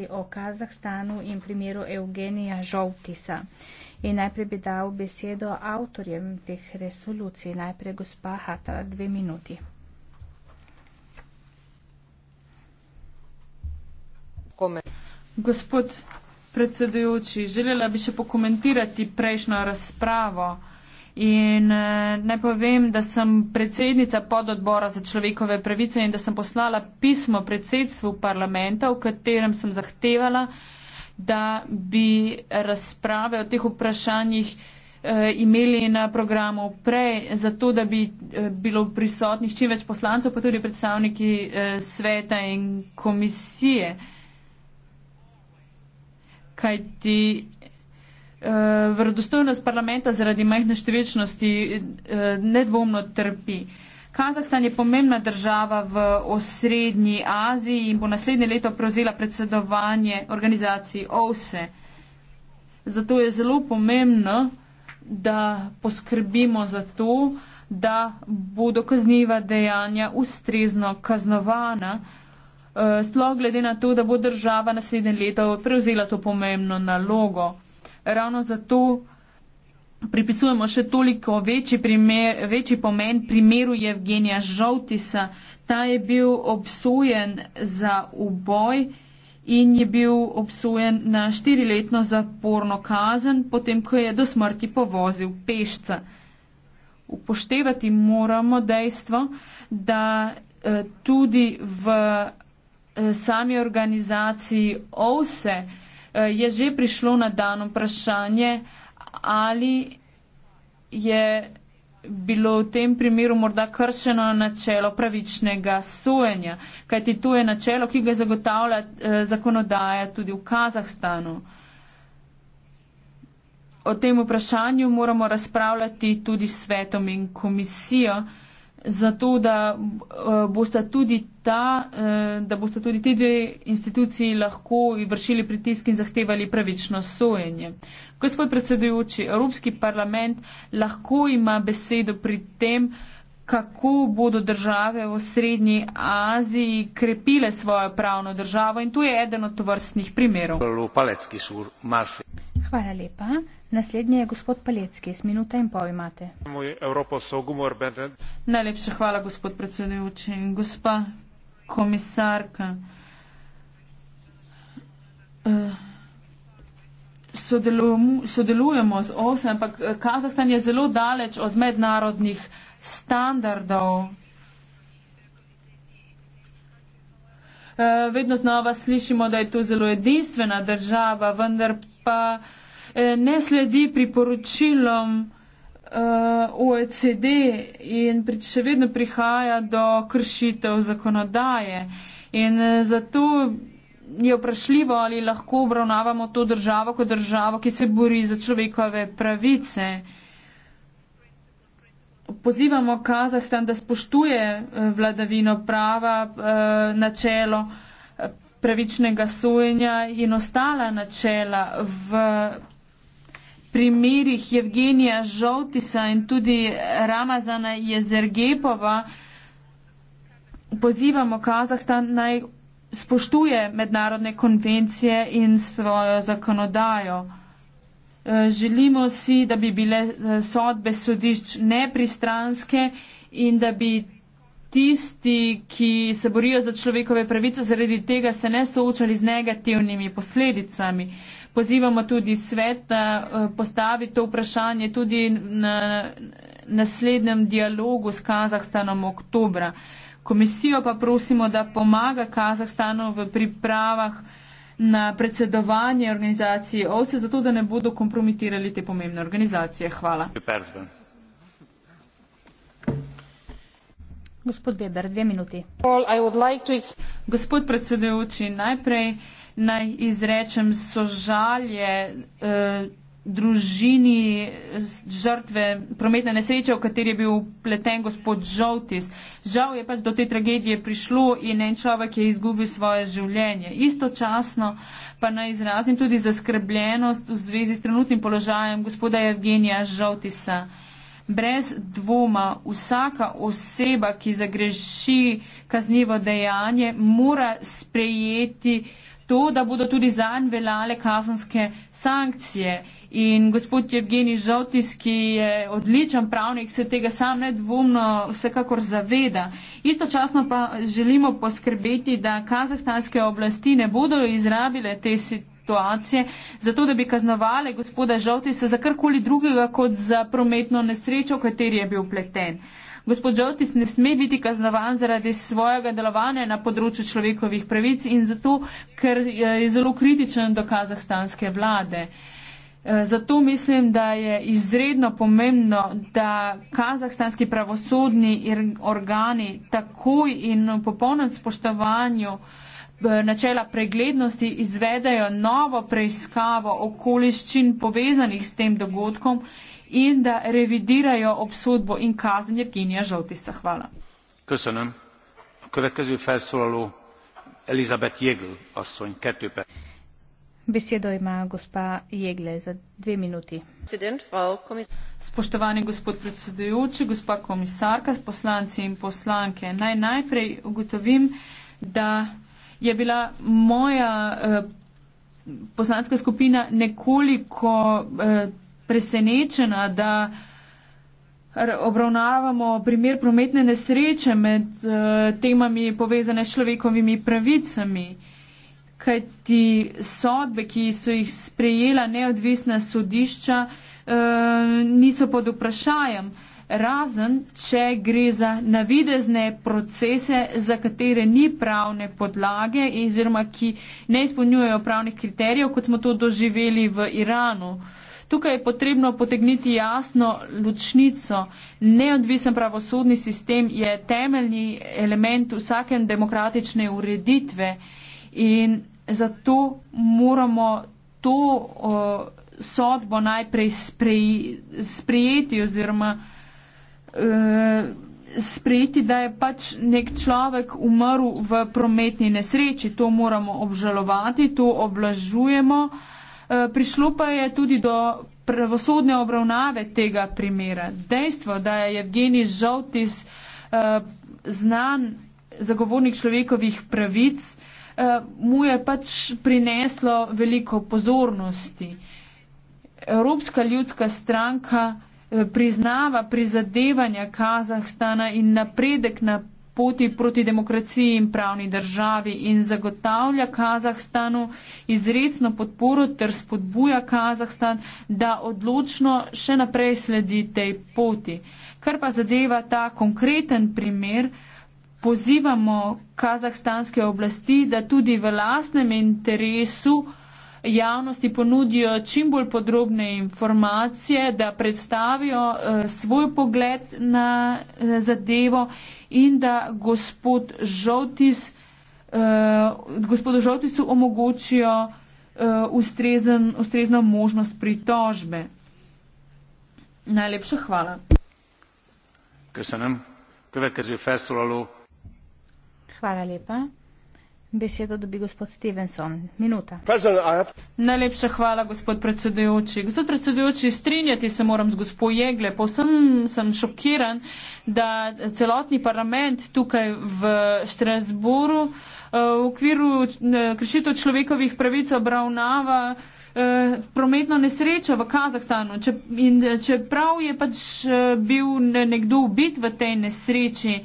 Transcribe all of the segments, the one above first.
novosti o Kazahstanu in primeru Evgenija Žoltisa. In najprej bi dal besedo avtorjem teh resolucij. Najprej gospa Hatala, dve minuti. Kome. Gospod predsedujoči, želela bi še pokomentirati prejšnjo razpravo. In eh, naj povem, da sem predsednica pododbora za človekove pravice in da sem poslala pismo predsedstvu parlamenta, v katerem sem zahtevala, da bi razprave o teh vprašanjih eh, imeli na programu prej, zato da bi eh, bilo prisotnih čim več poslancev, pa tudi predstavniki sveta in komisije. Kajti uh, eh, vredostojnost parlamenta zaradi majhne številčnosti uh, nedvomno trpi. Kazahstan je pomembna država v osrednji Aziji in bo naslednje leto prevzela predsedovanje organizaciji OVSE. Zato je zelo pomembno, da poskrbimo za to, da bodo kazniva dejanja ustrezno kaznovana, eh, sploh glede na to, da bo država naslednje leto prevzela to pomembno nalogo ravno zato pripisujemo še toliko večji, primer, večji pomen primeru Evgenija Žoltisa. Ta je bil obsojen za uboj in je bil obsojen na štiriletno zaporno kazen, potem ko je do smrti povozil pešca. Upoštevati moramo dejstvo, da eh, tudi v eh, sami organizaciji OSE eh, Eh, je že prišlo na dan vprašanje, ali je bilo v tem primeru morda kršeno načelo pravičnega sojenja, kajti to je načelo, ki ga zagotavlja eh, zakonodaja tudi v Kazahstanu. O tem vprašanju moramo razpravljati tudi s svetom in komisijo zato eh, eh, da bosta tudi ta, da bosta tudi te dve instituciji lahko vršili pritisk in zahtevali pravično sojenje. Gospod predsedujoči, Evropski parlament lahko ima besedo pri tem, kako bodo države v Srednji Aziji krepile svojo pravno državo in tu je eden od vrstnih primerov. Palec, Hvala lepa. Naslednji je gospod Palecki, s minuta in pol imate. Najlepša hvala, gospod predsedujoči. Gospa komisarka, eh, sodelujemo z OSE, ampak eh, Kazahstan je zelo daleč od mednarodnih standardov. Eh, vedno znova slišimo, da je to zelo edinstvena država, vendar pa ne sledi priporočilom eh, OECD in še vedno prihaja do kršitev zakonodaje. In eh, zato je vprašljivo, ali lahko obravnavamo to državo kot državo, ki se bori za človekove pravice. Pozivamo Kazahstan, da spoštuje eh, vladavino prava, načelo pravičnega sojenja in ostala načela v primerih Evgenija Žoltisa in tudi Ramazana Jezergepova pozivamo Kazahstan naj spoštuje mednarodne konvencije in svojo zakonodajo. E, želimo si, da bi bile e, sodbe sodišč nepristranske in da bi tisti, ki se borijo za človekove pravice, zaradi tega se ne soočali z negativnimi posledicami. Pozivamo tudi svet, da eh, postavi to vprašanje tudi na naslednjem dialogu s Kazahstanom oktobra. Komisijo pa prosimo, da pomaga Kazahstanu v pripravah na predsedovanje organizacije OSE, zato da ne bodo kompromitirali te pomembne organizacije. Hvala. Petersburg. Gospod Beber, dve minuti. Gospod predsedujoči, najprej naj izrečem sožalje eh, družini žrtve prometne nesreče, v kateri je bil pleten gospod Žoltis. Žal je pač do te tragedije prišlo in en človek je izgubil svoje življenje. Istočasno pa naj izrazim tudi zaskrbljenost v zvezi s trenutnim položajem gospoda Evgenija Žoltisa. Brez dvoma vsaka oseba, ki zagreši kaznivo dejanje, mora sprejeti to, da bodo tudi zanj veljale kazanske sankcije. In gospod Evgeni Žotis, ki je odličen pravnik, se tega sam nedvomno vsekakor zaveda. Istočasno pa želimo poskrbeti, da kazahstanske oblasti ne bodo izrabile te situacije situacije, zato da bi kaznovali gospoda Žavtisa za karkoli drugega kot za prometno nesrečo, v kateri je bil pleten. Gospod Žavtis ne sme biti kaznovan zaradi svojega delovanja na področju človekovih pravic in zato, ker eh, je zelo kritičen do kazahstanske vlade. Eh, zato mislim, da je izredno pomembno, da kazahstanski pravosodni organi takoj in v popolnem spoštovanju uh, načela preglednosti izvedejo novo preiskavo okoliščin povezanih s tem dogodkom in da revidirajo obsodbo in kazen Jevgenija Žoltisa. Hvala. Köszönöm. A következő felszólaló Elizabeth Jegl asszony, kettő perc. Besedo ima gospa Jegle za dve minuti. Spoštovani gospod predsedujoči, gospa komisarka, poslanci in poslanke, naj najprej ugotovim, da je bila moja eh, poslanska skupina nekoliko eh, presenečena, da obravnavamo primer prometne nesreče med eh, temami povezane s človekovimi pravicami, kajti sodbe, ki so jih sprejela neodvisna sodišča, niso pod vprašanjem razen če gre za navidezne procese, za katere ni pravne podlage oziroma ki ne izpolnjujejo pravnih kriterijev, kot smo to doživeli v Iranu. Tukaj je potrebno potegniti jasno ločnico. Neodvisen pravosodni sistem je temeljni element vsake demokratične ureditve in zato moramo to uh, sodbo najprej sprej, sprejeti oziroma Eh, sprejeti, da je pač nek človek umrl v prometni nesreči. To moramo obžalovati, to oblažujemo. Eh, prišlo pa je tudi do pravosodne obravnave tega primera. Dejstvo, da je Evgeni Žoltis eh, znan zagovornik človekovih pravic, mu je pač prineslo veliko pozornosti. Evropska ljudska stranka priznava prizadevanja Kazahstana in napredek na poti proti demokraciji in pravni državi in zagotavlja Kazahstanu izredno podporo ter spodbuja Kazahstan, da odločno še naprej sledi tej poti. Kar pa zadeva ta konkreten primer, pozivamo kazahstanske oblasti, da tudi v lasnem interesu javnosti ponudijo čim bolj podrobne informacije, da predstavijo eh, svoj pogled na eh, zadevo in da gospod Žotis, eh, gospodu Žotisu omogočijo ustrezen, ustrezno možnost pritožbe. Najlepša hvala. Köszönöm. Következő felszólaló. Hvala lepa. Beseda dobi gospod Stevenson. Minuta. Najlepša hvala, gospod predsedujoči. Gospod predsedujoči, strinjati se moram z gospod Jegle. Povsem sem šokiran, da celotni parlament tukaj v Štrasburu eh, v okviru eh, kršitev človekovih pravic obravnava eh, prometno nesrečo v Kazahstanu. Čeprav je pač bil nekdo ubit v tej nesreči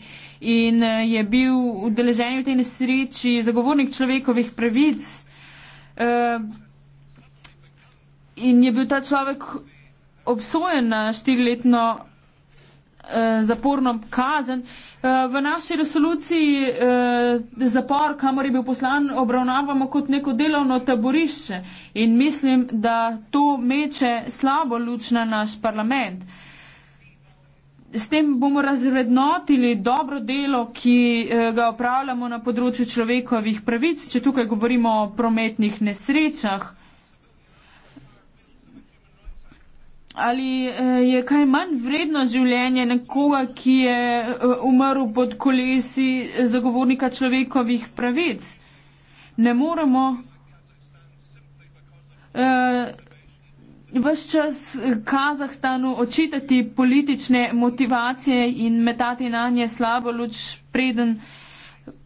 in eh, je bil udeležen v tej nesreči zagovornik človekovih pravic. Eh, in je bil ta človek obsojen na štiriletno eh, zaporno kazen. V naši resoluciji zapor, kamor je bil poslan, obravnavamo kot neko delovno taborišče in mislim, da to meče slabo luč na naš parlament. S tem bomo razrednotili dobro delo, ki eh, ga opravljamo na področju človekovih pravic, če tukaj govorimo o prometnih nesrečah. Ali eh, je kaj manj vredno življenje nekoga, ki je eh, umrl pod kolesi zagovornika človekovih pravic? Ne moremo. Uh, Ves čas Kazahstanu očitati politične motivacije in metati na nje slabo luč, preden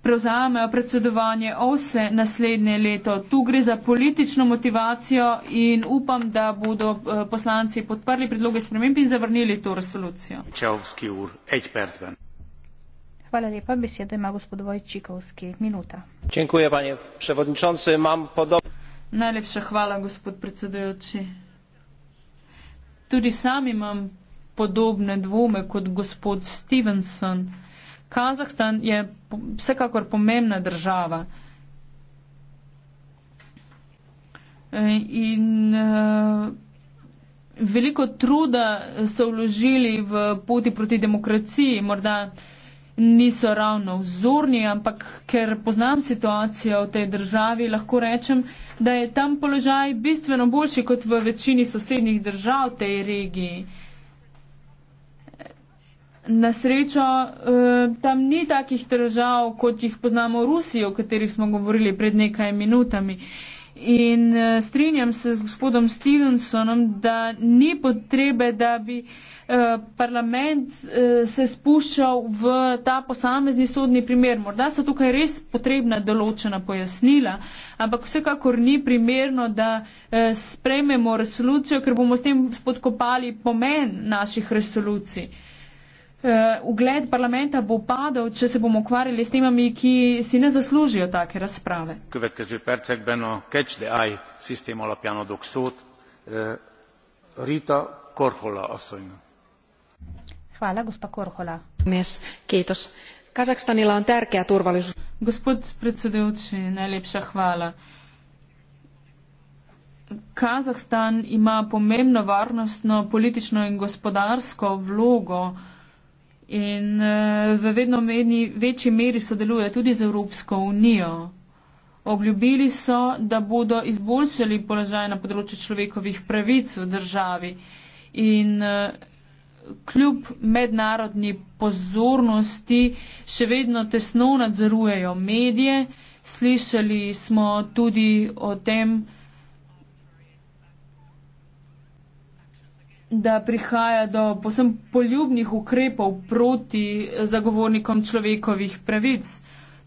prevzamejo predsedovanje OSE naslednje leto. Tu gre za politično motivacijo in upam, da bodo eh, poslanci podprli predloge sprememb in zavrnili to resolucijo. Hvala lepa, besedo ima gospod Vojčikovski. Minuta. Čenkuje, Najlepša hvala, gospod predsedujoči. Tudi sam imam podobne dvome kot gospod Stevenson. Kazahstan je vsekakor pomembna država. In uh, veliko truda so vložili v poti proti demokraciji, morda uh, niso ravno vzorni, ampak ker poznam situacijo v tej državi, lahko rečem, da je tam položaj bistveno boljši kot v večini sosednjih držav v tej regiji. Na srečo eh, tam ni takih držav, kot jih poznamo v Rusiji, o katerih smo govorili pred nekaj minutami. In uh, strinjam se z gospodom Stevensonom, da ni potrebe, da bi uh, parlament uh, se spuščal v ta posamezni sodni primer. Morda so tukaj res potrebna določena pojasnila, ampak vsekakor ni primerno, da uh, sprejmemo resolucijo, ker bomo s tem spodkopali pomen naših resolucij. Uh, Eh, ugled parlamenta bo padel, če se bomo ukvarjali s temami, ki si ne zaslužijo take razprave. Eh, hvala, gospa Korhola. Gospod predsedujoči, najlepša hvala. Kazahstan ima pomembno varnostno, politično in gospodarsko vlogo in eh, v vedno meni, večji meri sodeluje tudi z Evropsko unijo. Obljubili so, da bodo izboljšali položaj na področju človekovih pravic v državi in eh, kljub mednarodni pozornosti še vedno tesno nadzorujejo medije. Slišali smo tudi o tem, da prihaja do posem poljubnih ukrepov proti zagovornikom človekovih pravic.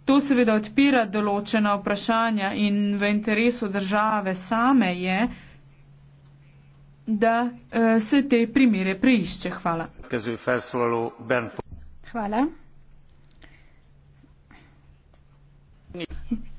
To seveda odpira določena vprašanja in v interesu države same je, da uh, se te primere preišče. Hvala. Hvala.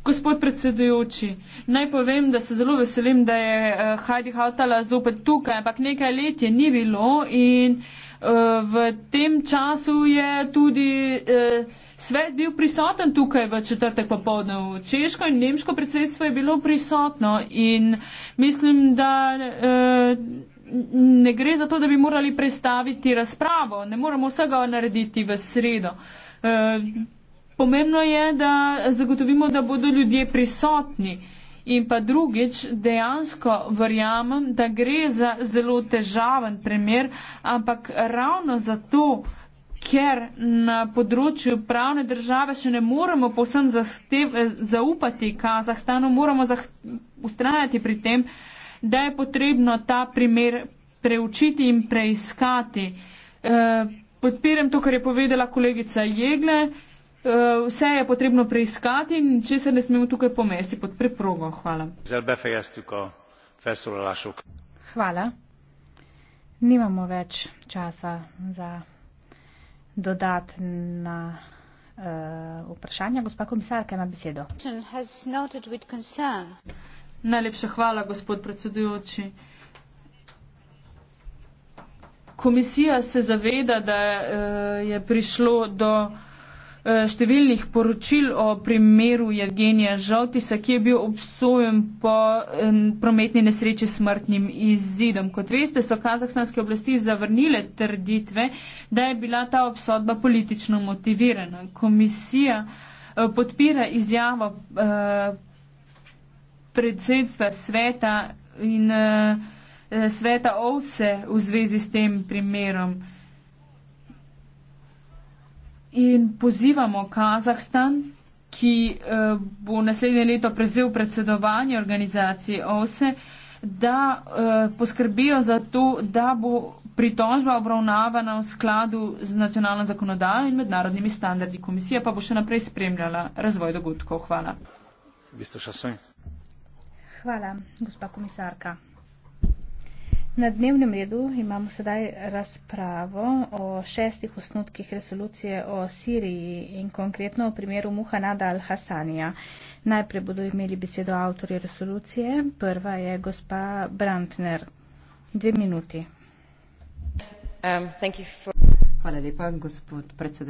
Gospod predsedujoči, naj povem, da se zelo veselim, da je uh, Heidi Hautala zopet tukaj, ampak nekaj let je ni bilo in uh, v tem času je tudi uh, svet bil prisoten tukaj v četrtek popovdne. Češko in nemško predsedstvo je bilo prisotno in mislim, da. Uh, Ne gre za to, da bi morali predstaviti razpravo, ne moramo vsega narediti v sredo. Pomembno je, da zagotovimo, da bodo ljudje prisotni. In pa drugič, dejansko verjamem, da gre za zelo težaven primer, ampak ravno zato, ker na področju pravne države še ne moremo povsem zaupati Kazahstanu, moramo ustrajati pri tem, da je potrebno ta primer preučiti in preiskati. Eh, podpiram to, kar je povedala kolegica Jegle. Eh, vse je potrebno preiskati in če se ne smemo tukaj pomesti pod preprogo. Hvala. Hvala. Nimamo več časa za dodatna uh, vprašanja. Gospa komisarka ima besedo. Najlepša hvala, gospod predsedujoči. Komisija se zaveda, da uh, je prišlo do uh, Eh, številnih poročil o primeru Jevgenija Žaltisa, ki je bil obsojen po eh, prometni nesreči s smrtnim izidom. Kot veste, so kazahstanske oblasti zavrnile trditve, da je bila ta obsodba politično motivirana. Komisija eh, podpira izjavo predsedstva sveta in sveta OVSE v zvezi s tem primerom in pozivamo Kazahstan, ki eh, bo naslednje leto prevzel predsedovanje organizacije OSE, da eh, poskrbijo za to, da bo pritožba obravnavana v skladu z nacionalno zakonodajo in mednarodnimi standardi. Komisija pa bo še naprej spremljala razvoj dogodkov. Hvala. Hvala, gospa komisarka. Na dnevnem redu imamo sedaj razpravo o šestih osnutkih resolucije o Siriji in konkretno o primeru Muhanada al-Hasanija. Najprej bodo imeli besedo avtori resolucije. Prva je gospa Brandner. Dve minuti. Um, Hvala lepa, gospod predsednik.